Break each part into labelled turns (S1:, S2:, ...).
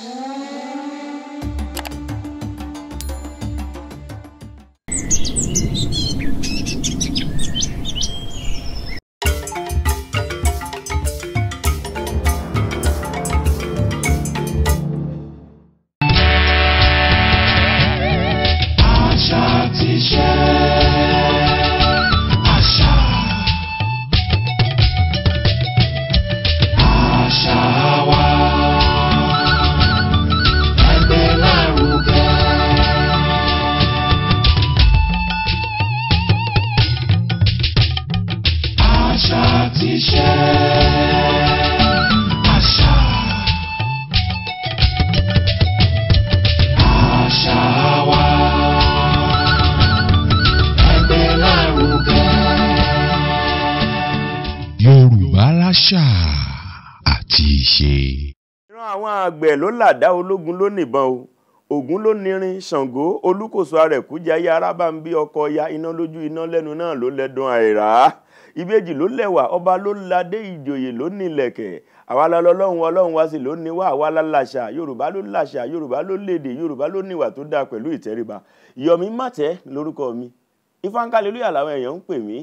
S1: Thank you. àṣà àti ìṣe. ìran àwọn àgbẹ̀ ló làdá ológun ló nìbọn o ògún ló nirin ṣàngó olúkòso arẹ̀kújẹ ayé arábàǹbí ọkọ ọya iná lójú iná lẹ́nu náà ló lẹ́dùn àìrá ìbejì ló lẹ́wà ọba ló ládé ìjòyè ló nílẹ̀kẹ̀ àwa la lọ́lọ́run ọlọ́run wá sí ló ní wá àwa la làṣà yorùbá ló làṣà yorùbá ló lédè yorùbá ló níwà tó dáa pẹ̀lú ìtẹríba yọ̀mí màtẹ́ lórúkọ mi ifáńkálẹ́lúyà làwọn èèyàn ń pè mí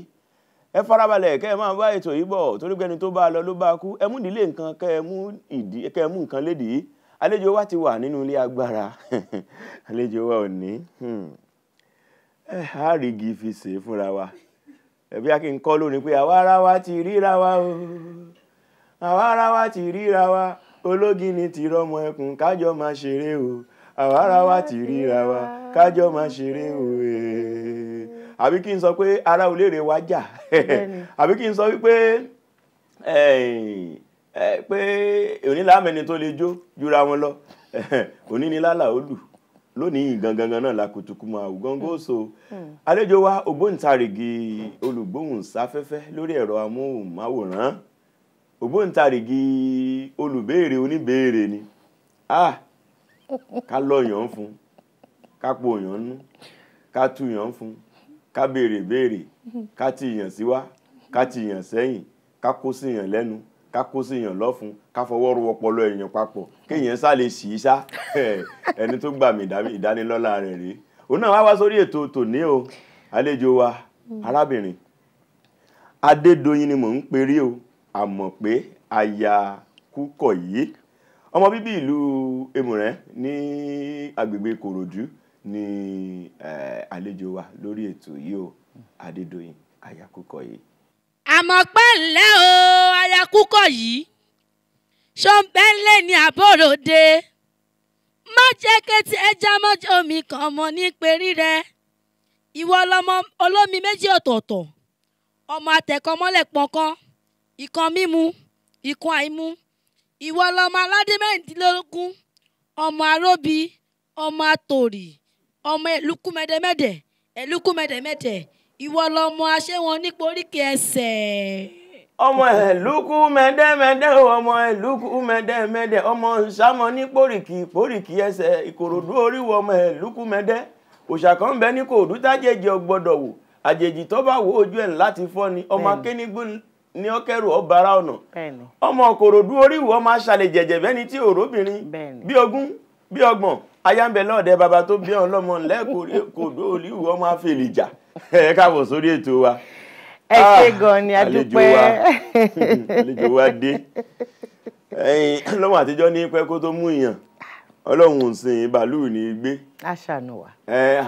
S1: ẹ farabalẹ̀ kẹ́ ẹ máa bá ètò yìí bọ̀ torí pé ẹni tó bá lọ ló bá kú ẹ mú ìdílé nǹkan kẹ́ ẹ mú ìdí kẹ́ ẹ mú nǹkan lédìí àlejò wa ti wà nínú ilé agbára àlejò wa ò ní hmm. ẹ á rí igi fi ṣe é fúnra wa ẹbí a kì kọ́ lónìí pé àwa ara wa ti ríra wa o àwa ara wa ti ríra wa ológin ni ti rọmọ ẹkùn kájọ máa ṣeré o àwa ara wa ti ríra wa kájọ máa ṣeré o ee. àbí kí n sọ pé ará olèrè wa jà àbí kí n sọ wípé eh, eh, pé onílàmẹni tó lè jó jura wọn lọ onínilálà olù lónìí gangan náà la kùtùkù máa so hmm. Hmm. àlejò wa ògbóǹtarìgì olùgbóhùnsáfẹ́fẹ́ lórí ẹ̀rọ amóhùnmáwòrán ògbóǹtarìgì olùbéèrè oníbéèrè ni ah ká fun fún ká pòyàn nú ká túyàn fún ká béèrè béèrè ká ti yàn sí wá ká ti yàn sẹ́yìn ká kó sí yàn lẹ́nu ká kó sí yàn lọ́fun ká fọwọ́ ro ọpọlọ èèyàn papọ̀ kéèyàn sá lè sì í sá ẹni tó gbà mí ìdánilọ́lá rẹ̀ rèé òun náà wá wá sórí ètò tòní o àlejò wa arábìnrin Adédoyin ni mò ń perí o àmọ̀ pé aya Kúkọ̀yí ọmọ bíbí ìlú Èmùrẹ́ ní agbègbè Kòròdú ní àlejò wa lórí ètò yìí o Adédoyin Ayakuko yìí.
S2: àmọ́ pẹ́ńlẹ́ o Ayakuko yìí ṣọ́ńpẹ́ńlẹ̀ ní àbọ̀ròde má jẹ́ kétí ẹja mọ́jọ́ omi kan mọ́ ní perí rẹ ìwọ lọmọ olómi méjì ọ̀tọ̀ọ̀tọ̀ ọmọ atẹ̀kọ́ pọ̀nkan ìkan mímu ìkan àìmu ìwọ lọmọ aládé mẹ́rìndínlógún ọmọ aróbi ọmọ àtòrì ọmọ èlùkù mẹ́dẹ̀mẹ́dẹ̀ èlùkù mẹ́dẹ̀mẹ́dẹ̀ ìwọ lọmọ aṣẹ́wọn nípa oríkì ẹsẹ. ọmọ èlùkù
S1: mẹdẹmẹdẹ ọmọ èlùkù mẹdẹmẹdẹ ọmọ nsámọ ní pòríkì ẹsẹ ẹsẹ̀ ìkòròdú oríwọ ọmọ èlùkù mẹdẹ òṣà kan bẹ ní kòòdú tájèjì ọgbọdọ̀ wò àjèjì tó bá wo ojú ẹ̀ láti fọ ni ọmọ akénígbó ní ọkẹrù ọbara ọ̀nà ọmọ kòròdú oríwọ ọmọ aṣàlẹ̀ jẹ̀jẹ̀ bẹ́ni tí òróbìnrin bí ogún bí ọgbọ̀n ayáǹbẹ̀ náà dẹ bàbá tó bí ọ̀n lọ́mọ lẹ́kọ̀ọ́ kòdó olíwù ọmọ àfẹlẹ̀jà ẹ káàbọ̀ sórí ètò wa.
S2: ẹ ṣe ah, gan ni a dúpẹ́.
S1: àlejò wa dé ẹyin lọ́wọ́ àtijọ́ ní pẹ́ kó tó mú ìyàn ọlọ́run ò sìn bàálù ní gbé. aṣàánú wa. ẹ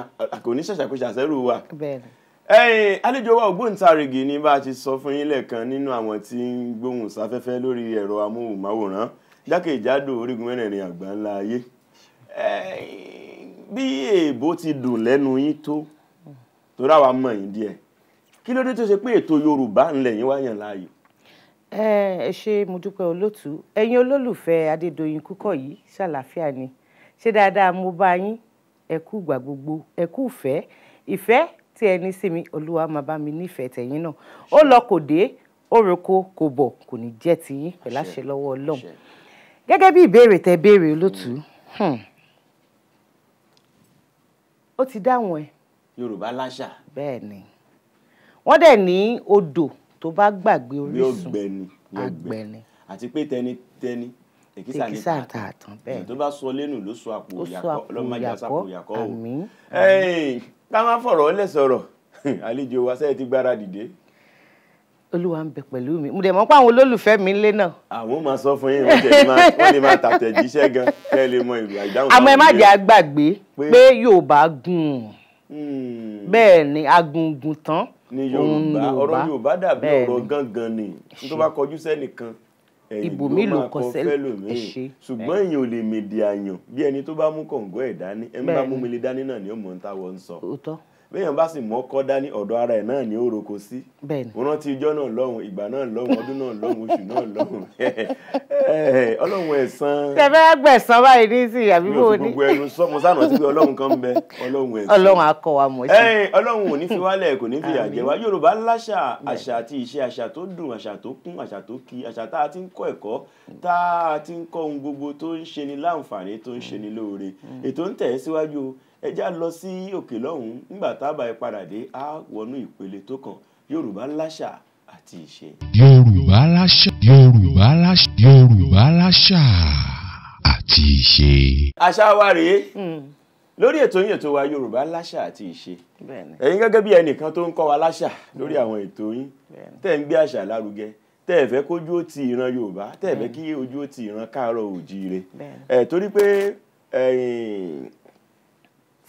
S1: kò ní ṣàṣàkóṣe àṣẹrù wa. bẹ́ẹ̀ni. ẹyin àlejò wa ògbóǹtarìgì ni bá a ti sọ fún yín lẹ́ẹ̀kan nínú àwọn tí ń gbóhùn sáfẹ́fẹ́ lórí ẹ̀rọ amóhùnmáwòrán jákèjádò orígun mẹ́rẹ̀ẹ̀rin àgbáńlá ayé bí èèbó ti dùn lẹ́nu yín tó torí àwa mọ̀ yín díẹ̀ kí ló dé tó ṣe pé ètò Yorùbá ńlẹ̀ yín wá yàn láàyò.
S2: ẹ ṣe mo dúpẹ́ olótùú ẹ̀yin olólùfẹ́ Adédoyin Kúkọ̀yí ṣàlàáfíà ni ṣé dáadáa mo bá yín ẹ kú ìgbà gbogbo ẹ kú ìfẹ́ ìfẹ́ tí ẹ sí mi olúwa máa bá mi nífẹ̀ẹ́ tẹ̀yìn náà ó lọ kò dé ó kò bọ̀ kò ní jẹ́ tiyín pẹ̀láṣẹ lọ́wọ́ Ọlọ́run gẹ́gẹ́ bí ìbéèrè tẹ béèrè olótùú hmm, ó ti dáhùn ẹ̀.
S1: yorùbá láṣà.
S2: bẹ́ẹ̀ ni wọ́n dẹ̀ ní odò tó bá gbàgbé orísun àgbẹ̀ni.
S1: àti pé tẹnitẹni èkìsà ní
S2: tààtàn
S1: bẹ́ẹ̀ tó bá sọ lẹ́nu ló sọ àpò ìyàkọ́ ọlọ́mọ ajá sàpò ìyàkọ́ o. ká má fọ̀rọ̀ ọ́ lẹ̀ sọ̀rọ̀ àlejò wa sẹ́yìn ti gbára dìde
S2: olúwa ń bẹ pẹ̀lú mi mo dẹ̀ mọ́ pé àwọn olólùfẹ́ mi lé náà.
S1: àwọn máa sọ fún yín wọ́n lè máa tàtẹ̀jíṣẹ́ gan kẹ́ ẹ lè mọ ìrìn àìdáhùn. àmọ́ ẹ má jẹ́
S2: àgbàgbé pé Yorùbá gùn hmm. bẹ́ẹ̀ ni agungun tán ni Yorùbá ọ̀rọ̀ Yorùbá
S1: dàbí ọ̀rọ̀ gangan ni tó bá kọjú sẹ́nìkan ibòmí ló kọ sẹ́lẹ̀ ṣe. ṣùgbọ́n èèyàn ò lè mèdè àyàn bí ẹni tó bá mú kọ̀ǹgọ́ ẹ̀ dání ẹ̀ bá mú mi lè dání náà ni ó mọ̀ ń táwọn ń sọ béèyàn bá sì mọ́ kọ́ dání ọ̀dọ̀ ara ẹ̀ náà ni ó roko sí. mo rántí ijọ́ náà lọ́hùn ìgbà náà lọ́hùn ọdún náà lọ́hùn oṣù náà lọ́hùn ọlọ́hun ẹ̀san.
S2: tẹ̀fẹ́ gbẹ̀san báyìí ní sí àbí bó o ní. mi ò fi gbogbo
S1: ẹnu sọ mo sáànà sí pé ọlọ́hun kan ń bẹ ọlọ́hun ẹ̀san. ọlọ́hun
S2: akọ wa mọ̀ sí.
S1: ọlọ́hun ò ní fi wálẹ̀ kò ní fi àjẹ wa yorùbá láṣà àṣà àti ìṣe àṣà tó dùn àṣà tó kún àṣà tó ki àṣà tá a ti ń kọ́ ẹ̀kọ́ tá a ti ń kọ́ ohun gbogbo tó ń ṣe ni láǹfààní tó ń ṣe ni lóore mm. ètò ń tẹ̀ síwájú ẹjá lọ sí òkè lọ́hùn nígbà tábà ẹ padà dé á wọnú ìpele tó kàn Yorùbá láṣà àti ìṣe. Yorùbá láṣà Yorùbá láṣà Yorùbá láṣà àti ìṣe. àṣà wa rèé hmm. lórí ètò yín ètò wa yorùbá láṣà àti ìṣe ẹ̀yin gẹ́gẹ́ bí ẹnìkan tó ń kọ́ wa láṣà lórí àwọn ètò yín tẹ́ ń gbé àṣà lárugẹ tẹ́ ẹ fẹ́ kójú ó ti ìran yorùbá tẹ́ ẹ fẹ́ kí ojú ó ti ìran káàárọ̀ oòjíire ẹ torí pé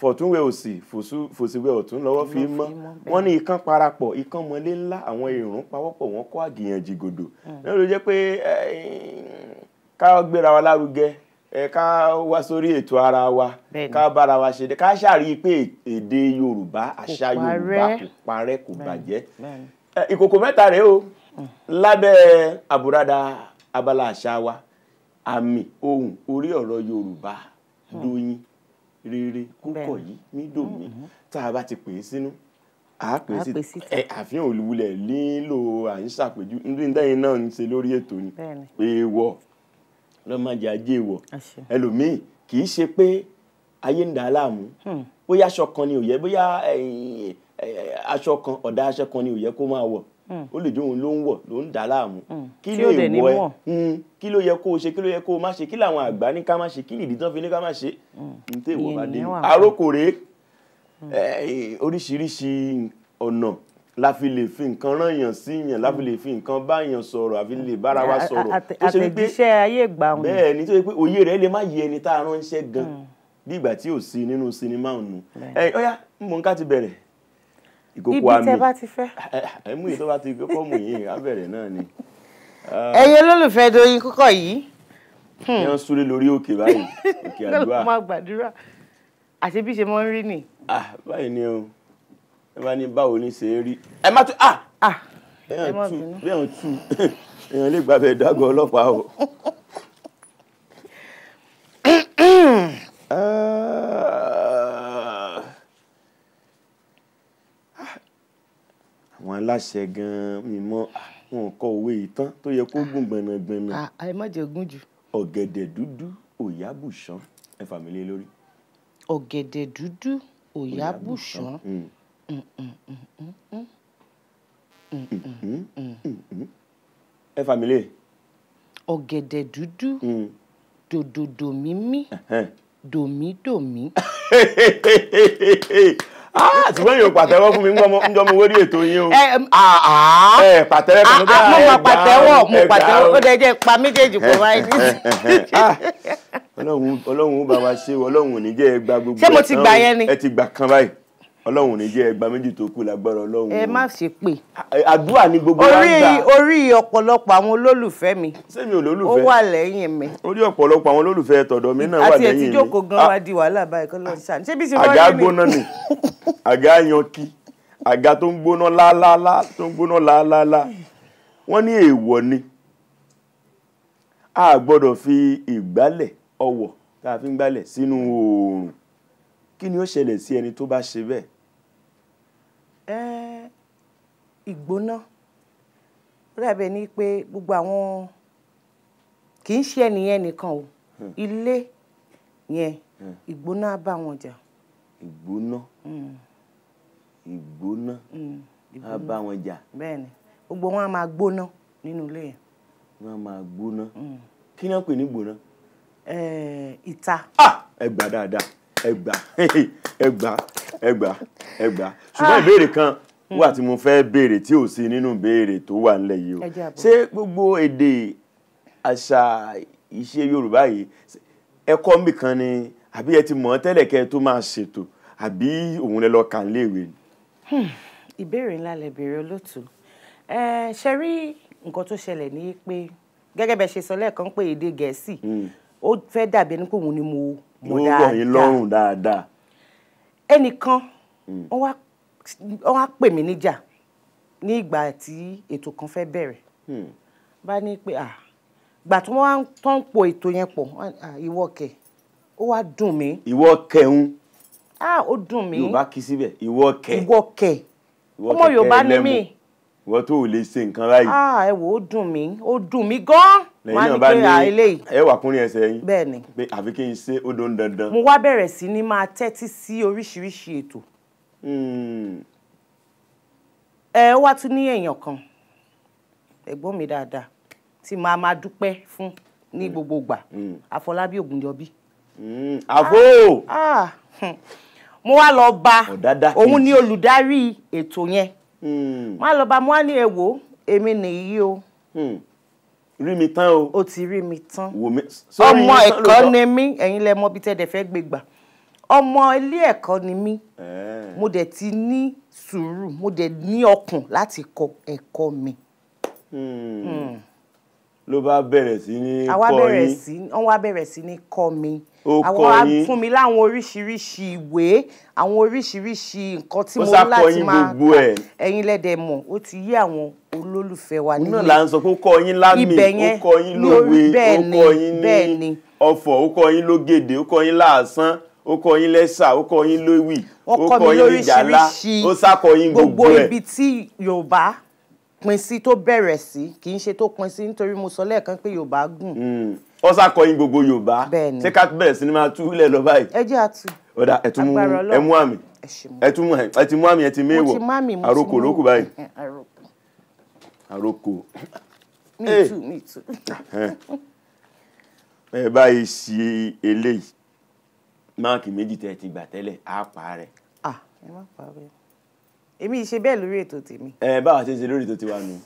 S1: fọ̀túnwé òsì fòsíwé ọ̀tún lọ́wọ́ fi mọ́ wọ́n ní ikán parapọ̀ ikán mọ́lé ńlá àwọn èrún pawọ́pọ̀ wọ́n kọ́ àgìyàn jìgòdò náà hmm. ló jẹ́ pé ká gbéra wa lárugẹ ká wá sórí ètò ara wa ká bára wa ṣe ká ṣàrí pé èdè Yorùbá àṣà Yorùbá kò parẹ́ kò bàjẹ́ ìkòkò mẹ́ta rèé o hmm. lábẹ́ àbúradà abala àṣà wa àmì ohùn orí ọ̀rọ̀ Yorùbá hmm. dóyin rere kúkọ yìí mí dò mm-hmm. mí tá a bá ti pè é sínú a pè é sí ẹ àfihàn olùwulẹ̀ nílò à ń ṣàpèjú ndéyìn náà ń ṣe lórí ètò ni èèwọ̀ lọ́mọdé ajé èèwọ̀ ẹlòmíì kì í ṣe pé ayé ń dà á láàmú hmm. bóyá aṣọ kan ni ò yẹ bóyá aṣọ kan ọ̀dà aṣọ kan ni ò yẹ kó máa wọ̀ Hmm. ó lè jóun ló ń wọ̀ ló ń dà láàmú hmm. kí ló yẹ wọ ẹ hmm. kí ló yẹ kó o ṣe kí ló yẹ kó o má ṣe kí làwọn àgbà ní ká má ṣe kí nìdí tán fi ní ká má ṣe n tẹ ìwọ bá dé àrókò rèé oríṣiríṣi ọ̀nà la fi lè fi nǹkan rán yàn sí yàn la fi lè fi nǹkan bá yàn sọ̀rọ̀ àfi lè bára wa sọ̀rọ̀ àtẹ̀jíṣẹ́
S2: ayé ìgbà wọn bẹ́ẹ̀ ni tó ṣe pé òye rẹ̀ lè
S1: má yẹ ẹni tá a ránṣẹ́ gan bí ìgbà tí ò sí nínú sinimá òun ẹ̀ ọ́yá mbọ̀nká ti bẹ̀rẹ̀ ìkókó àmì ibi tẹ bá ti fẹ́. ẹ mú yìí tó bá ti kókó mú yìí abẹ̀rẹ̀ náà ni. ẹyẹ
S2: olólùfẹ́ Doyin Kúkọ̀ yìí. yẹn hmm.
S1: súré lórí òkè báyìí òkè
S2: àdúrà. lọ́wọ́ máa gbàdúrà àti bí ṣe mọ́ ń rí nì.
S1: Ah, báyìí ni o ẹ bá ní báwo ni ṣe é rí ẹ má tún ah! ah! bẹ́ẹ̀ tún èèyàn lè gbàgbẹ́ dágọ́ ọlọ́pàá o. láṣẹ gan-an mi mọ́ wọn kọ òwe ìtàn tó yẹ kó gùn gbọ̀nàgbọ̀nà. àì má jẹ gùn jù. ọ̀gẹ̀dẹ̀ dúdú òyàbùṣán ẹ fà mí lé lórí.
S2: ọ̀gẹ̀dẹ̀ dúdú òyàbùṣán. Mm. ẹ fà mí lé. ọ̀gẹ̀dẹ̀ dúdú mm. dòdòdò mímí dòmídòmí.
S1: Ah, ṣùgbọ́n yóò pàtẹ́wọ́ fún mi njọ́ mo wérí ètò yín o. ẹ pàtẹ́wọ́ kan bá ẹ gbà mo pàtẹ́wọ́ mo pàtẹ́wọ́ ó
S2: dẹ jẹ́ pa méjèèjì kó wáyé. Ah,
S1: ọlọ́run ó bá wa ṣe ọlọ́run ò ní jẹ́ ẹ gba gbogbo ẹ̀ tán o ẹ ti gbà kan báyìí ọlọ́run ní jẹ́ ẹgbà méjì tó kù lágbára ọlọ́run. ẹ má ṣe pé. àdúrà ni gbogbo wa ń gbà. orí ọ̀pọ̀lọpọ̀ àwọn olólùfẹ́ mi.
S2: sẹ́mi olólùfẹ́ ó wà lẹ́yìn mi.
S1: orí ọ̀pọ̀lọpọ̀ àwọn
S2: olólùfẹ́ tọ̀dọ̀ mi náà wà lẹ́yìn mi. àti ẹ̀tíjókòó gan wa di wàhálà báyìí kọ́ lọ́ọ́ sàn. ṣé bí ti wọ́n rí mi. àga gbóná
S1: ni àga yan kí àga tó ń gbóná láláálá tó ń gbóná láláálá wọ́n ní èèwọ̀ ni a gbọ́dọ̀ fi ìgbálẹ̀ ọwọ̀ tá a fi ń gbálẹ̀ sínú oòrùn kí ni ó ṣẹlẹ̀ sí ẹni tó bá ṣe bẹ́ẹ̀.
S2: ẹ ìgbóná ó dàbẹ̀ ni pé gbogbo àwọn kì í ṣe ẹnìyẹn nìkan o hmm. ilé yẹn hmm. ìgbóná á bá wọn jà. ìgbóná hmm.
S1: ìgbóná á bá wọn jà.
S2: bẹ́ẹ̀ni gbogbo wọn a máa gbóná nínú ilé yẹn. wọn a máa gbóná
S1: kí ni wọn pè ní gbóná. ìta. Ah! ẹ gbà dáadáa ẹgbà ẹgbà ẹgbà ẹgbà ṣùgbọ́n ìbéèrè kan wà tí mo fẹ́ béèrè tí ò sí nínú béèrè tó wà nílẹ̀ yìí o ṣé gbogbo èdè àṣà ìṣe Yorùbá yìí ẹ̀kọ́ mi kan ni àbí ẹ ti mọ̀ ọ́ tẹ́lẹ̀ kẹ́ ẹ tó máa ṣètò àbí òun lẹ lọ kàn léèwé ni.
S2: Hmm, ìbéèrè ńlá lẹ béèrè olóòtú ṣe rí nǹkan tó ṣẹlẹ̀ ní pé gẹ́gẹ́ bẹ́ẹ̀ ṣe sọ lẹ́ẹ̀kan pé èdè gẹ̀ẹ́sì hmm. ó fẹ́ dàbí ẹni pé òun ni mo mo dáadáa yóò rọ̀ yín lọ́rùn dáadáa. ẹnìkan hmm. wọ́n wá pè mí níjà ní ìgbà tí ètò kan fẹ́ bẹ̀rẹ̀ hmm. bá ní pé gbà tí wọ́n tó ń po ètò yẹn pọ̀ ìwọ kẹ̀ ó wá dùn mí.
S1: ìwọ kẹun.
S2: ah ó dùn mí. yorùbá
S1: kì í síbẹ̀ ìwọ kẹ̀. ìwọ kẹ̀ ọmọ yorùbá ni mí. ìwọ tó o lè ṣe nǹkan báyìí.
S2: ah ẹ wò ó dùn mí ó dùn mí gan-an lẹ́yìn náà bá ní
S1: ẹ wà kúnrin ẹsẹ̀ yín bẹ́ẹ̀ ni pé àfi kí n ṣe
S2: ó dó ń dandan. mo wá bẹ̀rẹ̀ sí ní máa tẹ́tí sí oríṣiríṣi ètò. Hmm. ẹ wá tún ní èèyàn kan ẹ̀gbọ́n mi dáadáa tí màá máa dúpẹ́ fún ní hmm. gbogbo ìgbà Àfọlábí hmm. Ògúnjọbí. àfo. Ah, ah, mo wá lọ bá òun ni olùdarí ètò yẹn. mo wá lọ bá mo wá ní èwo èmi nìyí o. Hmm rí mi tán o. o ti rí mi tán. wò mí sórí ọmọ ẹ̀kọ́ ni mí ẹ̀yin lẹ mọ bí tẹ́ dẹ̀ fẹ́ gbé gbà ọmọ ilé ẹ̀kọ́ ni mí mo dẹ̀ ti ní sùúrù mo dẹ̀ ní ọkàn láti kọ ẹ̀kọ́ mi. Hmm. Hmm.
S1: ló bá bẹ̀rẹ̀ sí ní kọ́ yín.
S2: àwa bẹ̀rẹ̀ sí ní kọ́ mi àwọn á fún mi láwọn oríṣiríṣi ìwé àwọn oríṣiríṣi nǹkan tí mo láti máa ẹ̀yin lẹ́dẹ̀ mọ̀ ó ti yé àwọn olólùfẹ́ wa nílé náà là ń sọ
S1: pé ó kọ́ yín lámì ó kọ́ yín lówe ó kọ́ yín ní ọ̀fọ̀ ó kọ́ yín lógèdè ó kọ́ yín láàsán ó kọ́ yín lẹ́sà ó kọ́ yín lówì ó kọ́ yín ìjàlá
S2: ó sákọ̀ yín gbogbo ẹ̀. gbogbo ibi tí Yorùbá pín sí tó bẹ̀rẹ̀ sí kì í ṣe tó pín sí nítorí mo sọ lẹ́ẹ̀kan pé Yorùbá gùn
S1: mm wọ́n sàkọyìn gbogbo yorùbá ṣé ká bẹ̀rẹ̀ sí ni máa tú ilẹ̀ lọ báyìí. ẹ jẹ́ àtú. ọ̀dà ẹ̀tún mú àmì ẹ̀tún mú àmì ẹ̀tún méèwọ̀ àrokò ló kù báyìí. àrokò.
S2: me too me too.
S1: ẹ báyìí ṣe eléyìí máàkì méjì tẹ́ ẹ ti gbà tẹ́lẹ̀ á pa rẹ̀.
S2: ah ẹ má pa rẹ̀ èmi ìṣe bẹ́ẹ̀ lórí ètò tèmi.
S1: ẹ báwa ṣe ń ṣe lórí ètò tiwa nù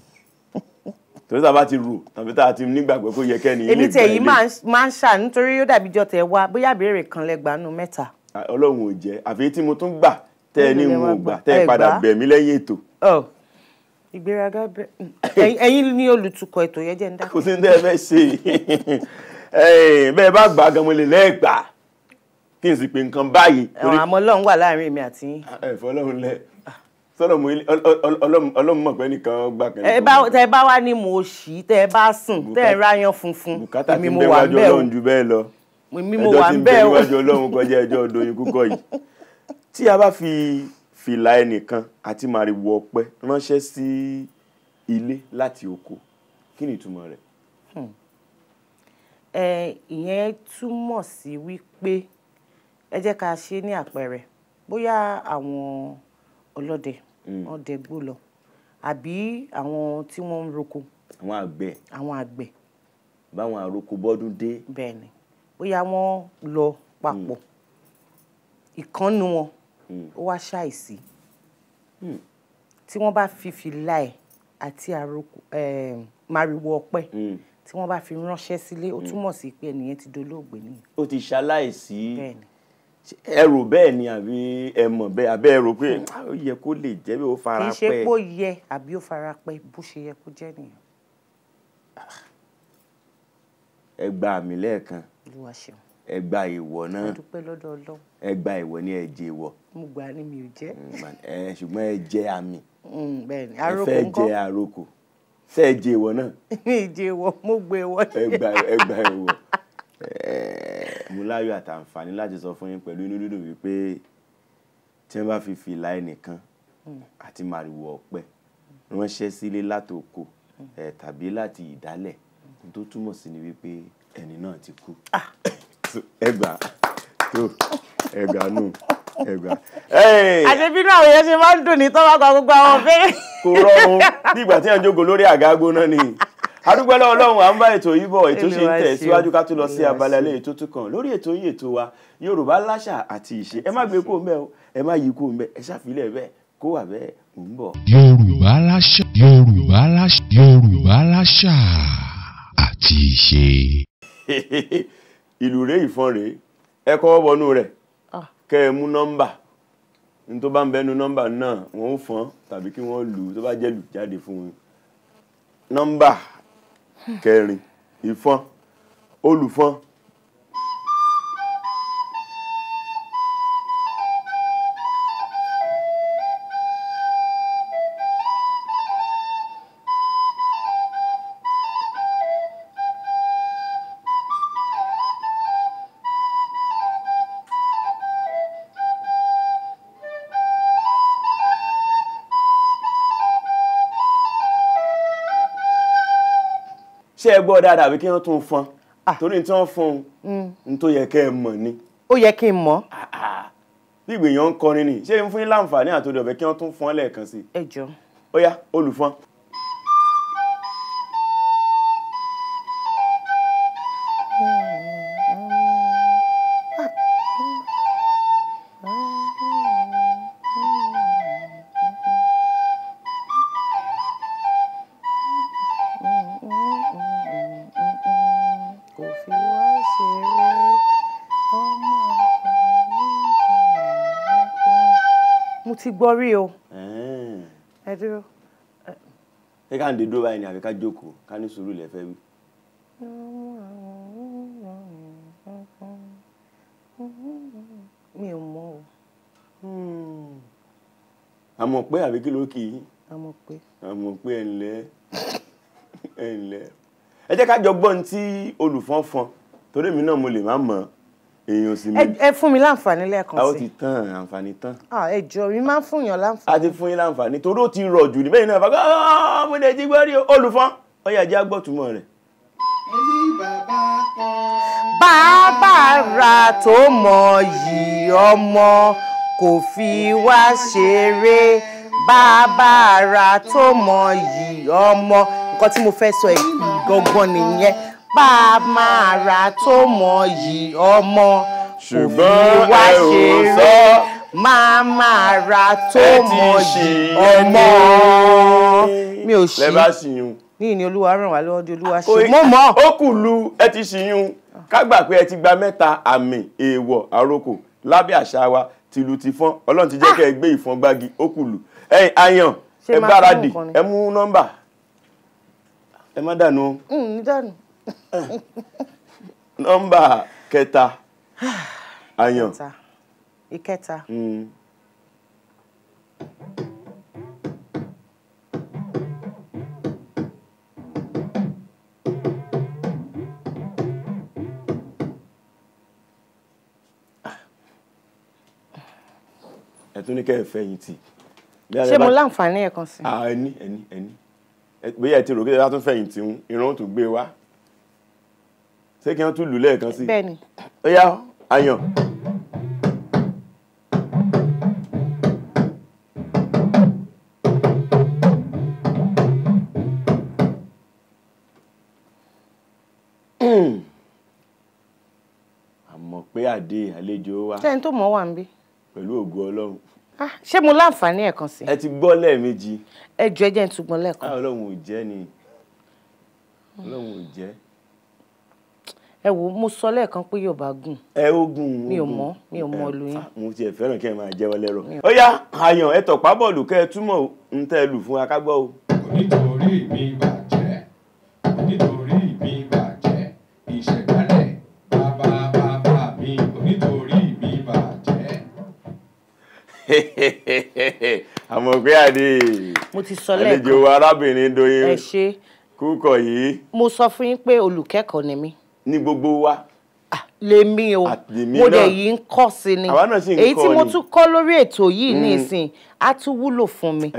S1: torí tá a bá ti rò tàbí tá a ti nígbàgbọ́ kó yẹ kẹ́ni ilé ìgbà ilé. èmi tẹ̀ yìí
S2: máa ń ṣà nítorí ó dàbí jọ tẹ̀ wá bóyá béèrè kan lẹ́gbàánu mẹ́ta.
S1: ọlọ́run ò jẹ́ àfi tí mo tún gbà tẹ́ ẹ ní mo gbà tẹ́ ẹ padà bẹ̀ mí lẹ́yìn ètò.
S2: Oh, ìgbéraga bẹ mm, ẹ̀yin ni olùtukọ̀
S1: ètò yẹn jẹ́ ń dá. kò sí ní tẹ́ ẹ fẹ́ ṣe bẹ́ẹ̀ bá gbà gan mo lè lẹ́ẹ̀gbà
S2: kí n sì pé nǹkan báyìí. àwọn àmọ́
S1: ọlọ́run wà láàárín èmi àti yín. ẹ̀fọ́ ọlọ́run lẹ́ẹ̀ sọlọmù ọlọmọ pẹ nìkan gbà kẹrin.
S2: tẹ bá wá ní mo ṣì tẹ bá sùn tẹ ráyán funfun èmi mo wà ń
S1: o
S2: èmi mo o ẹjọ́ tí ń bẹ níwájú Ọlọ́run
S1: kọjá ẹjọ́ doyin kúkọ yìí tí a bá fi fìlà ẹnìkan àti màrìwò ọ̀pẹ ránṣẹ́ sí ilé láti oko kí ni
S2: ìtumọ̀ rẹ̀. Hmm. ẹ ìyẹn túmọ̀ sí wípé ẹ jẹ́ ká ṣe ní àpẹẹrẹ bóyá àwọn ọlọ́dẹ mm. wọ́n dẹ gbó lọ àbí àwọn tí wọ́n ń roko. àwọn àgbẹ̀. àwọn àgbẹ̀. báwọn àroko bọ́dún dé. bẹ́ẹ̀ni bóyá wọ́n lọ papọ̀ mm. ìkànnì wọn mm. ó wá ṣàìsí tí wọ́n bá fi fìlà àti àroko màrìwò ọ̀pẹ tí wọ́n bá fi ránṣẹ́ sílé ó túmọ̀ sí pé ẹnìyẹn ti dolóògbé nìyẹn.
S1: ó ti ṣaláìsí. bẹ́ẹ̀ni ẹ rò bẹ́ẹ̀ ni àbí ẹ mọ̀ bẹ́ẹ̀ àbẹ́ ẹ rò pé hmm. ah, ó yẹ kó lè jẹ́ bí ó fara pẹ́. kì í ṣe pé ó
S2: yẹ àbí ó fara pẹ́ bó ṣe yẹ kó jẹ́ nìyẹn. Ah.
S1: ẹ gba àmì lẹ́ẹ̀kan ẹ gba ìwọ náà ẹ gba ìwọ ní ẹ ìwọ.
S2: mo gbà ní mi ò jẹ́. Hmm,
S1: ṣùgbọ́n ẹ jẹ àmì
S2: hmm, ẹ fẹ́ jẹ
S1: àrokò ṣe é jẹ ìwọ náà. mi ì ìwọ
S2: mo gbé ìwọ. ẹ gba
S1: ìwọ mo láyọ̀ àtàǹfààní láti sọ fún yín pẹ̀lú inú dídùn wípé tí wọ́n bá fi fìlà ẹnìkan hmm. àti màrìwò ọ̀pẹ ránṣẹ́ sílé látòkò hmm. ẹ̀ tàbí láti ìdálẹ̀ tó túmọ̀ sí ni wípé ẹni náà ti kú ah! ẹgbà tó ẹgbà nù ẹgbà.
S2: àṣebínú àwọn èèyàn ṣe máa ń dùn ní tọ́wọ́ kan gbogbo àwọn ah! fẹ́rẹ́. kò rọrùn
S1: bí ìgbà tí yàn jókòó lórí àgágbó náà nìyí adúgbò lọ́wọ́ Ọlọ́run à ń bá ètò yìí bọ̀ ètò ṣe ń tẹ̀ síwájú ká tó lọ sí abala ilé ètò tó kàn lórí ètò yìí ètò wa Yorùbá láṣà àti ìṣe ẹ má gbé kó mbẹ o ẹ má yí kó mbẹ ẹ ṣàfilẹ̀ bẹ́ẹ̀ kó wà bẹ́ẹ̀ ń bọ̀. Yorùbá láṣà Yorùbá láṣà Yorùbá láṣà àti ìṣe. ìlú rẹ ìfọn rèé ẹ kọ́wọ́ bọnú rẹ̀ ah. kẹ́ ẹ mú nọ́mbà ní tó bá ń bẹnu nọ́mbà náà wọ́n ó fọ́n tàbí kí wọ́n lù ú tó bá jẹ́ lù jáde fún un nọ́mbà kẹrin ìfọn olùfọn kẹ́ ẹ gbọ́ dáadáa àbí kí wọ́n tún fọn ah. torí tí wọ́n fọn mm. n tó yẹ kẹ́ ẹ mọ̀ ni. ó yẹ kí n
S2: mọ̀. Ah, ah.
S1: bí ìgbìyànjú ń kọrin ni ṣé n fún yín láǹfààní àtòdì ọ̀bẹ kí wọ́n tún fọn lẹ́ẹ̀kan sí i. ẹ jọ. ó yá olùfọn.
S2: ti gbọ́ rí o ẹ dúró.
S1: ṣé ká ń de dúró báyìí ni àbí ká jókòó ká ní sùúrù
S2: lẹ fẹ́ wí. mi ò mọ̀ o.
S1: àmọ̀ hmm. pé àbí kí ló kì í. àmọ̀ pé. àmọ̀ pé ẹ̀ ǹlẹ́ ẹ̀ ǹlẹ́ ẹ jẹ́ ká jọ gbọ́n tí olùfọ́n fọn torí èmi náà mo lè má mọ̀ ọ́ èèyàn sì mi.
S2: ẹ fún mi láǹfààní lẹ́ẹ̀kan sí. a ti
S1: tan, àǹfààní tan.
S2: ẹ jọ mi máa ń fún yàn láǹfààní.
S1: a ti fún yín láǹfààní torí ó ti rọ̀ jù ní bẹ́ẹ̀ náà fagbọ́ mo lè jí gbọ́rí olùfọ́n ó yá jẹ́ agbọ́túmọ̀
S2: rẹ̀. ẹni bàbá kan. bàbá ra tó mọ yìí ọmọ kò fi wá ṣeré bàbá ra tó mọ yìí ọmọ nǹkan tí mo fẹ́ sọ ẹ̀ gangan nìyẹn bá a máa ra tó mọ yìí ọmọ ṣùgbọ́n wá ṣe rẹ máa máa ra tó mọ yìí ọmọ mi ò ṣí ní ìní olúwa ràn wá lọ́wọ́ di olúwa ṣe mọ́ mọ́.
S1: ó kù lu ẹ ti ṣìyún ká gbà pé ẹ ti gba mẹ́ta àmì èèwọ̀ àrokò lábẹ́ àṣà wa tìlù ti fọ́n ọlọ́run ti jẹ́ ah! kẹ́ ẹ gbé ìfọ́n gbági ó kù lù ẹ̀yin ayan ẹ gbáradì ẹ mú nọ́mbà ẹ má dànù nọ́mbà kẹta
S2: àyàn. ìkẹta. Hmm.
S1: ẹ tún ní kẹ́ ẹ fẹ̀yìntì. ṣé mo
S2: láǹfààní ẹ̀ kan sí.
S1: ẹni ẹni ẹni bóyá ẹ ti rò kí ẹ bá tún fẹ̀yìntì ń irun tó gbé wá ṣé kí wọ́n tún lù lẹ́ẹ̀kan sí i bẹ́ẹ̀ ni ó yá ayàn. àmọ́ pé àdé àlejò wa. sẹ́ni
S2: tó mọ̀ wà ń bí.
S1: pẹ̀lú ògo ọlọ́run.
S2: Ah, ṣé mo láǹfààní ẹ̀kan sí.
S1: ẹ ti gbọ́ lẹ́ẹ̀mejì.
S2: ẹ jọ ẹ jẹ́ ń túgbọ́n
S1: lẹ́ẹ̀kan. Ah, ọlọ́run ò jẹ́ ni ọlọ́run ò jẹ́. Mm
S2: ẹ wò mo sọ lẹ́ẹ̀kan pé yorùbá gùn.
S1: ẹ ó gùn mi ò mọ mi ò mọ lu yín. Ah, mo tiẹ̀ fẹ́ràn kí ẹ máa jẹ́wọ́ lẹ́rọ. ó yá àyàn ẹ tọ̀pá bọ́ọ̀lù kẹ́ ẹ túmọ̀ ń tẹ́ ẹ lù fún akágbọ́ o. nítorí mi bàjẹ́ nítorí mi bàjẹ́ ìṣẹ̀dálẹ̀ bàbá bàbá mi nítorí mi bàjẹ́. àmọ̀ pé àdé
S2: mo ti sọ lẹ́ẹ̀kan àlejò arábìnrin
S1: Doyin kúkọ̀ yìí.
S2: mo sọ fún yín pé olùkẹ́kọ̀ọ́ ni mí ní gbogbo wa ah, lèmi o ah, mo dẹ̀ yìí ń kọ́ sí ni èyí tí mo tún kọ́ lórí ètò yìí mm. ní ìsìn á tún wúlò fún mi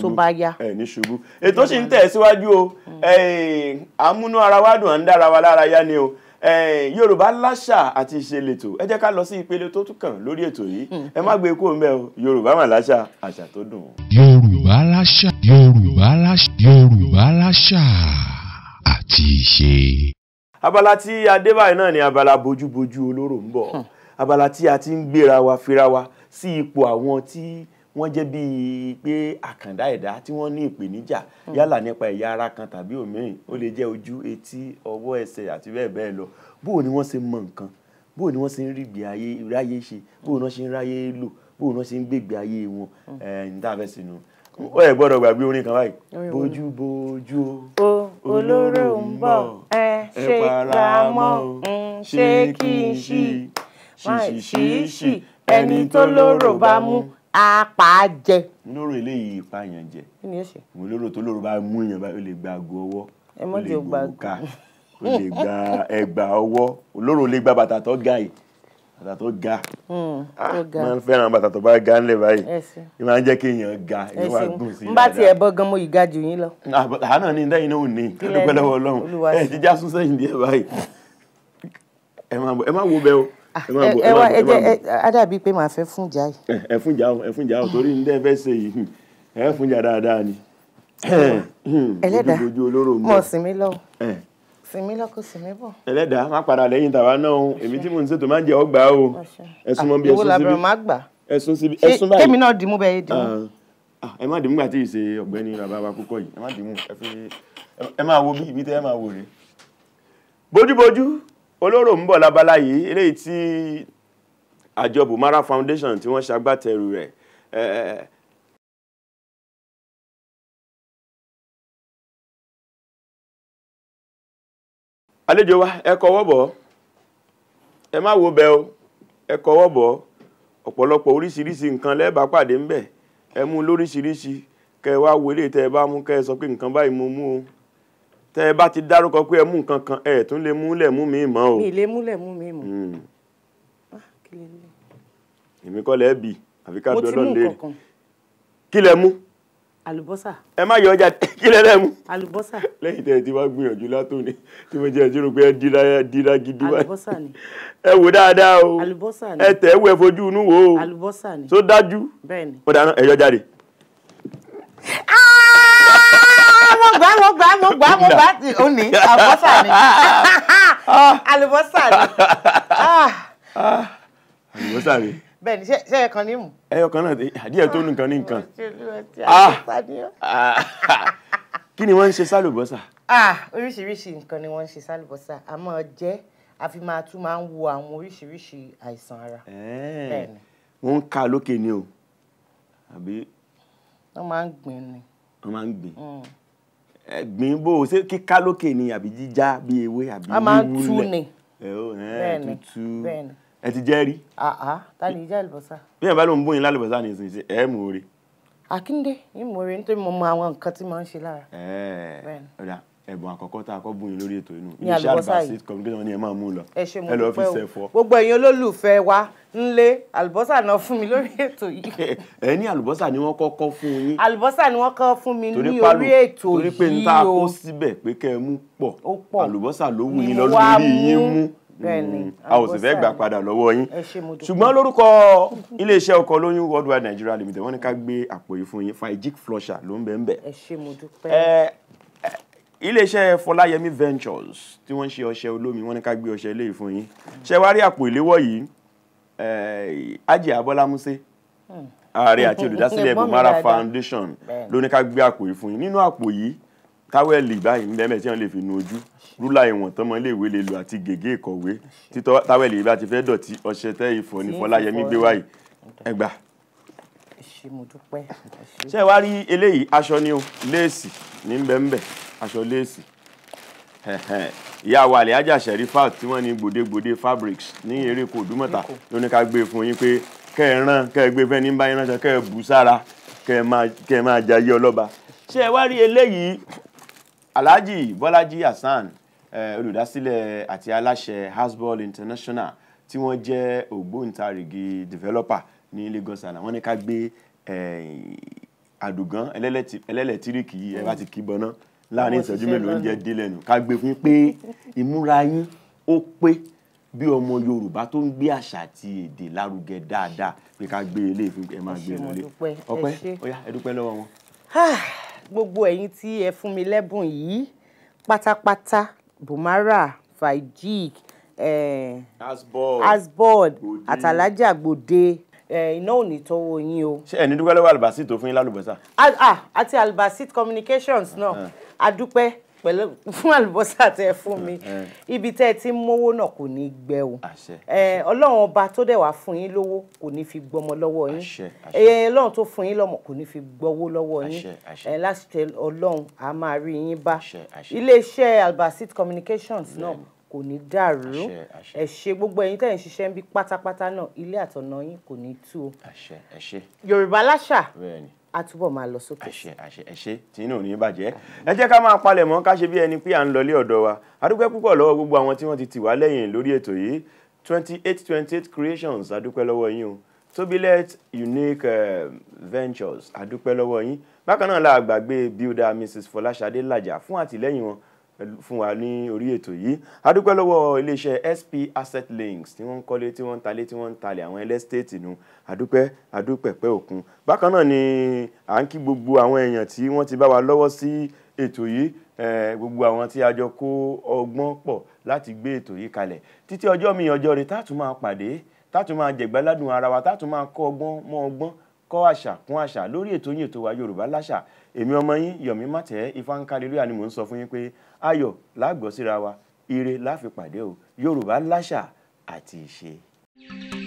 S2: tó bá yá. ẹ ní ṣubú ètò sì ń mm. tẹ̀síwájú o
S1: àmúnú mm. ara wa dùn à ń dára wa lára yá ni o yorùbá láṣà àti ìṣẹ̀lẹ̀ tó ẹ jẹ́ ká lọ sí ìpele tó tún kàn lórí ètò yìí ẹ má gbé kó mẹ́ o yorùbá mà láṣà àṣà tó dùn. yorùbá láṣà yorùbá láṣà yorùbá láṣà àti ìṣe abala tí adébáyé náà ni abala bójúbójú olóró ń bọ̀ hmm. abala tí a ti ń gbéra wa fira wa sí ipò àwọn tí wọ́n jẹ́ bíi pé àkàndá ẹ̀dá tí wọ́n ní ìpèníjà hmm. yálà nípa ẹ̀yà ara kan tàbí òmíràn ó lè jẹ́ ojú etí ọwọ́ ẹsẹ̀ àti bẹ́ẹ̀ bẹ́ẹ̀ lọ bóò ni wọ́n ṣe mọ nǹkan bóò ni wọ́n ṣe ń rí ìgbé ayé ìráyé ṣe hmm. bóò ni wọ́n ṣe ń ráyé lò bóò ni wọ́n ṣe ń gbégbé ayé wọn ẹ̀ ń dábẹ́ sínú ó ẹ̀ gbọ́dọ̀ gbàgbé orin kan báyìí bójú bójú o olóró ń
S2: bọ̀ ẹ ṣe gbàmọ́ ṣé kí n ṣí ṣìṣìṣì ẹni tó lóró bá mú apàjẹ. lóró
S1: eléyìí ìpààyàn jẹ ìwọ lóró tó lóró bá mú èèyàn bá lè gba ago ọwọ́ ó lè gbòòkà ó lè gba ẹgbàá ọwọ́ olóró lè gba bàtà tó ga yìí bàtà tó ga
S2: hmm, ah, máa ń
S1: fẹ́ràn bàtà tó bá ga ńlẹ̀ báyìí ní máa ń jẹ́ kí èèyàn ga èèyàn wà gùn sí i. n bá tiẹ̀
S2: bọ́ gan mo yìí ga jù yín lọ.
S1: Ah, àánà ni dẹ́yìn náà ò ní kádùpẹ́ lọ́wọ́ ọlọ́run ẹ ti já sún sẹ́yìn díẹ̀ báyìí ẹ máa bọ̀ ẹ máa wo bẹ́ẹ̀ o ah, ẹ máa bọ̀ ẹ máa bọ̀ ẹ máa bọ̀.
S2: á dàbí pé màá fẹ́ fún ìjà yìí.
S1: ẹ fún ìjà o ẹ fún ìjà o torí ndẹ́ fẹ́ ṣe yìí ẹ fún ìjà dáadáa ni. ẹlẹ́dàá mọ̀ sí mi lọ́wọ́
S2: sinmi lọkọ sinmi bọ.
S1: ẹlẹ́dàá má padà lẹ́yìn tàwa náà o èmi tí mò ń ṣètò máa ń ọgbà o
S2: ẹ̀sùn mọ́ ah, bí ẹ̀sùn síbi. ìwọ làbẹ̀rẹ̀ má gbà.
S1: ẹ̀sùn síbi ẹ̀sùn báyìí. kémi náà
S2: dìímú bẹ́ẹ̀ dìímú.
S1: Ah, ah, ẹ má dìímú àti ìṣe ọ̀gbẹ́ni bàbá wa púpọ̀ yìí ẹ má dìímú ẹ máa wo bí ibi tẹ́ ẹ máa wò rèé. bójúbójú olóró ń bọ̀ lábala yìí eléyìí tí àjọ Bùmárà Foundation tí wọ́n ṣagbátẹrù rẹ̀ àlejò wa ẹ kọwọ́ bọ̀ ẹ má wo bẹ o ẹ kọwọ́ bọ̀ ọ̀pọ̀lọpọ̀ oríṣiríṣi nǹkan lẹ́ẹ̀bá pàdé ńbẹ̀ ẹ mú lóríṣiríṣi kẹ wá wo eléyìí tẹ ẹ bá mú kẹ ẹ sọ pé nǹkan báyìí o tẹ ẹ bá ti dárúkọ pé ẹ mú nǹkan kan ẹ tún lè mú lẹ̀ mú mi mọ́ o. mi
S2: lè mú lẹ̀ mú mi mọ́. Hmm. Ah,
S1: èmi kọ́ lẹ́ẹ̀ bì àfi ká bí ọlọ́run lè rí kí lẹ mú àlùbọ́sà. ẹ má yọ ọjà kí lẹ́lẹ́ mu. àlùbọ́sà. lẹ́yìn tẹ̀ tí wàá gbìyànjú látòní tí mo jẹ́ ìṣòro pé ẹ dira dira gidi wa. àlùbọ́sà ni. ẹ wò dáadáa o.
S2: àlùbọ́sà ni. ẹ tẹ̀ ẹ wọ ẹ
S1: fojú inú wo o.
S2: ni. tó dájú. bẹ́ẹ̀ni.
S1: ó dáná ẹ yọ jáde.
S2: Ah, mo gbà mo gbà mo gbà mo gbà ó ní àlùbọ́sà ni. àlùbọ́sà ni. Ah. Ah. àlùbọ́sà ni bẹ́ẹ̀ ni ṣe ẹ̀kan ní mú.
S1: ẹyọ kan náà díẹ̀ tó nìkan ní nǹkan.
S2: Ah! Ah!
S1: kí ni wọ́n ń ṣe sálùbọ́sà.
S2: Ah! oríṣiríṣi nǹkan ni wọ́n ń ṣe sálùbọ́sà àmọ́ jẹ́ àfi máa tún máa ń wo àwọn oríṣiríṣi àìsàn ara.
S1: wọ́n ń ka lókè ni o àbí.
S2: wọ́n máa ń gbìn ni. wọ́n máa ń gbìn mm.
S1: gbìn bó o ṣe kíká lókè ni àbí jíjá bí ewé àbí wíwúlẹ̀. wọ́n máa ń tú ni. bẹ́ẹ̀ ni ẹ ti jẹ́ rí. àá
S2: ta ni ìjà àlùbọ́sà.
S1: bí ẹ̀ bá lóun bóyin lálùbọ́sà ni ìsìn ẹ̀ mú ore.
S2: àkíndé ń mú ore nítorí mo mọ àwọn nǹkan tí mo ń ṣe lára.
S1: ọ̀dà ẹ̀bùn àkọ́kọ́ tá a kọ́ bóyin lórí ètò inú iṣẹ́ àlùbọ́sà sit communication ni ẹ máa mú lọ ẹ lọ fi ṣẹ̀ fọ́.
S2: gbogbo ẹ̀yin olólùfẹ́ wa ńlé àlùbọ́sà náà fún mi lórí ètò yìí. ẹ ní àlùbọ́sà ni wọ́n kọ́kọ́ fún yín. àlùbọ́sà ni wọ́n kọ́ fún mi ní orí ètò yìí o torí pé n ta kó síbẹ̀ pé kẹ́ ẹ mú pọ̀
S1: àlùbọ́sà ló wù yín lọ́lórí yín mú Mm. a ò sì fẹ́ gbà padà lọ́wọ́ yín ṣùgbọ́n lórúkọ iléeṣẹ́ ọkọ̀ lóyún worldwide nigeria limited wọ́n ní ká gbé àpò yìí fún yín fajik flusher ló ń bẹ ń bẹ. iléeṣẹ́ fọláyẹmí ventures tí wọ́n ń ṣe ọṣẹ olómi wọ́n ní ká gbé ọṣẹ ilé yìí fún yín ṣé wá rí àpò ìléwọ́ yìí ajé abọ́lá musé hmm. ààrẹ àti olùdásílẹ̀ bùmára foundation ló ní ká gbé àpò yìí fún yín nínú àpò yìí táwẹ́ẹ̀lì báyìí mẹ́mẹ́ tí wọ́n lè fi nu ojú rúlà ìwọ̀n tán mọ́ iléèwé lè lò àti gègé ìkọ̀wé tí táwẹ́ẹ̀lì bá ti fẹ́ dọ̀tí ọṣẹ tẹ́ ìfọ̀ ní Fọláyẹmí gbé wáyìí ẹgbà. ṣé ẹ wá rí eléyìí aṣọ ni o léèsì ní bẹ́ńbẹ́ aṣọ léèsì ìyá wa àlẹ́ ajá Sherifat tí wọ́n ní gbòdegbòde fabrics ní eréko Òdúmọ̀tà lóní ká gbé fún yín pé kẹ́ ẹ rán kẹ́ ẹ gbé fẹ́ ní bá yín ránṣẹ́ kẹ́ ẹ bù sára kẹ́ ẹ máa jayé ọlọ́ba ṣé ẹ wá rí eléyìí alhaji bọ́lájí hasan olùdásílẹ̀ àti aláṣẹ hasball international tí wọ́n jẹ́ ògbóǹtarìgì developer ní Lagos Island wọ́n ní ká gbé àdùgán ẹlẹ́lẹ̀tìrìkì ẹ bá ti kí bọ́ná láàrin ìṣẹ́jú mélòó oúnjẹ dé lẹ́nu ká gbé fún pé ìmúra yín ó pé bí ọmọ Yorùbá tó ń gbé àṣà àti èdè lárugẹ dáadáa pé ká gbé ilé ìfipẹ́ máa gbé lọlé ọpẹ́ ọyá ẹ dúpẹ́ lọ́wọ́
S2: wọn. Ah! gbogbo ẹ̀yin tí ẹ fún mi lẹ́bùn yìí pátápátá bùmárà fajik asbord àtàlájà gbòde iná ò ní yín o. ṣé ẹni dúpẹ́ lọ́wọ́ albasit tó fún yín lálùbọ́sà. àti albasit communications náà a dúpẹ́ pẹ̀lú fún àlùbọ́sà tẹ fún mi ah, eh. ibi tẹ́ ẹ ti ń mówó náà kò ní gbẹ o eh, ọlọ́run ọba tó dẹ̀ wá fún yín lówó kò ní fi gbọmọ lọ́wọ́ yín eh, ọlọ́run tó fún yín lọ́mọ kò ní fi gbọ́wó lọ́wọ́ yín láti ọlọ́run a máa rí yín bá iléeṣẹ́ Albasit Communications náà kò ní dàrú ẹ ṣé gbogbo ẹ̀yin tẹ́ ń ṣiṣẹ́ ń bí pátápátá náà ilé àtọ̀nà yín kò ní tú o Yorùbá láṣà á túbọ̀ máa
S1: lọ sókè. àṣẹ àṣẹ àṣẹ tí inú òní bàjẹ́ ẹ jẹ́ ká máa palẹ̀ mọ́ ká ṣe bí ẹni pé à ń lọlé ọ̀dọ̀ wa adúpẹ́ púpọ̀ lọ́wọ́ gbogbo àwọn tí wọ́n ti tì wá lẹ́yìn lórí ètò yìí twenty eight twenty eight creations adúpẹ́ lọ́wọ́ yín o tobilet unique eh, ventures adúpẹ́ lọ́wọ́ yín bákan náà la àgbàgbé builder mrs fọláṣadé làjà fún àtìlẹ́yìn wọn fún wa ní orí ètò yìí a dúpẹ́ lọ́wọ́ iléeṣẹ́ SP Asset Links tí wọ́n ń kọ́lé tí wọ́n ń talé tí wọ́n ń talẹ̀ àwọn ẹlẹ́stéètì nu a dúpẹ́ òkun bákan náà ni à ń kí gbogbo àwọn èèyàn tí wọ́n ti bá wa lọ́wọ́ sí ètò yìí gbogbo àwọn tí a jọ kó ọgbọ́n pọ̀ láti gbé ètò yìí kalẹ̀ títí ọjọ́ mi ọjọ́ rẹ̀ tá a tún máa pàdé tá a tún máa jẹ̀gbáládùn ara wa tá a tún máa kọ́ ọgbọ́n mọ́ ọgbọ́n kọ́ àṣà kún àṣà lórí ètò yìí ètò wa Yorùbá láṣà èmi ọmọ yín Yọ̀mí Mátẹ̀ Ifáńkálélúyà ni mò ń sọ fún yín pé ayọ̀ lágbọ́síra wa ire láfipàdé o Yorùbá láṣà àti ìṣe. thank you